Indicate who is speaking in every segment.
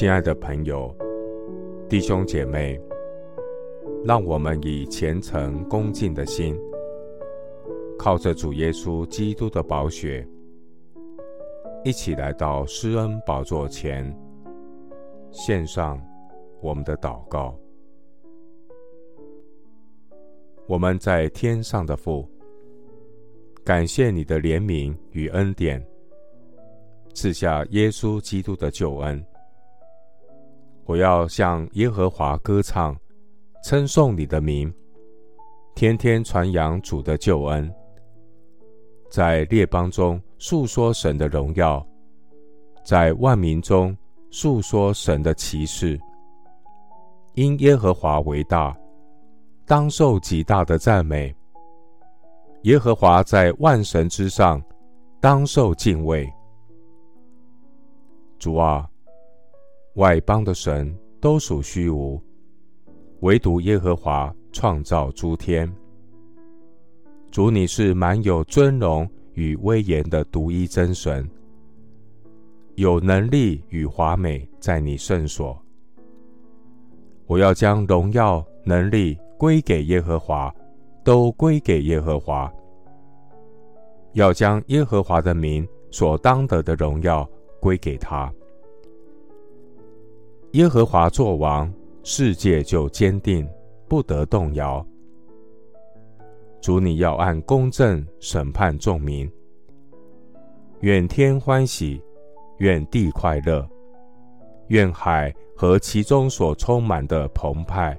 Speaker 1: 親愛的朋友、弟兄姐妹，讓我們以虔誠恭敬的心，靠着主耶穌基督的寶血，一起來到施恩寶座前，獻上我們的禱告。我們在天上的父，感謝你的憐憫與恩典，賜下耶穌基督的救恩。我要向耶和華歌唱，稱頌你的名，天天傳揚主的救恩，在列邦中述說神的榮耀，在萬民中述說神的奇事。因耶和華為大，當受極大的讚美。耶和華在萬神之上，當受敬畏。主啊。外邦的神都屬虛無，唯獨耶和華創造諸天。主，你是滿有尊榮與威嚴的獨一真神，有能力與華美在你聖所。我要將榮耀能力歸給耶和華，都歸給耶和華。要將耶和華的名所當得的榮耀歸給他。耶和華作王，世界就堅定，不得動搖。主，你要按公正審判眾民，願天歡喜，願地快樂，願海和其中所充滿的澎湃，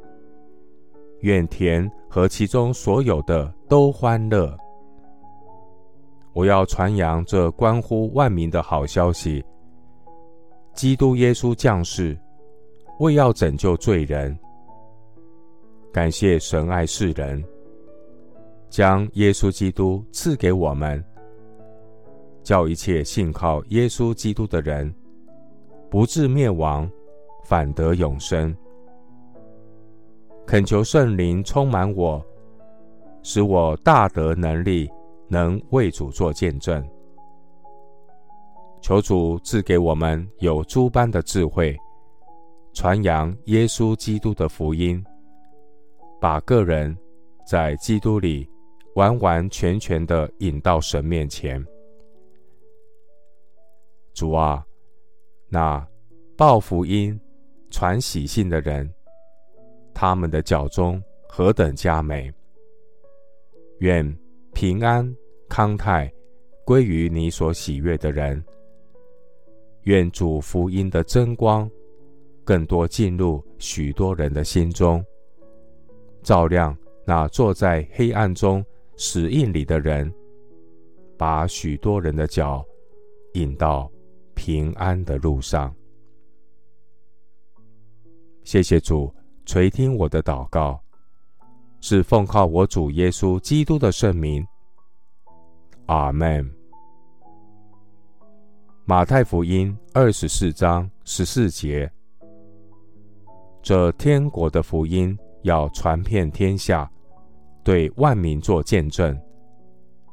Speaker 1: 願田和其中所有的都歡樂。我要傳揚這關乎萬民的好消息：基督耶穌降世。為要拯救罪人，感謝神愛世人，將耶穌基督賜給我們，叫一切信靠耶穌基督的人不至滅亡，反得永生。懇求聖靈充滿我，使我大得能力，能為主做見證。求主賜給我們有諸般的智慧。傳揚耶穌基督的福音，把個人在基督裡完完全全地引到神面前。主啊，那報福音、傳喜信的人，他們的腳蹤何等佳美！願平安康泰歸於你所喜悅的人。願主福音的真光。更多進入許多人的心中，照亮那坐在黑暗中死蔭裡的人，把許多人的腳引到平安的路上。謝謝主，垂聽我的禱告，是奉靠我主耶穌基督的聖名。阿門。馬太福音二十四章十四節。這天國的福音要傳遍天下，對萬民作見證，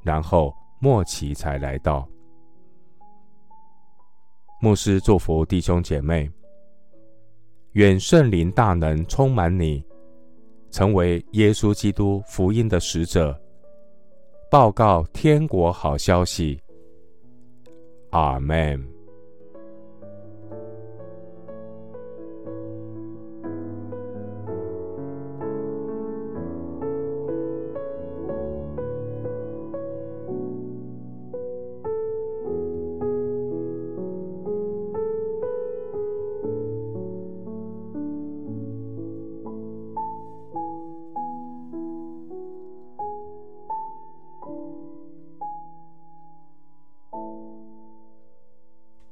Speaker 1: 然後末期才來到。牧師祝福弟兄姐妹：願聖靈大能充滿你，成為耶穌基督福音的使者，報告天國好消息。阿門。